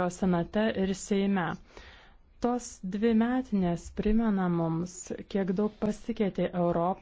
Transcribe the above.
jo senate ir Seime. Tos dvi metinės primena mums, kiek daug pasikeitė Europą.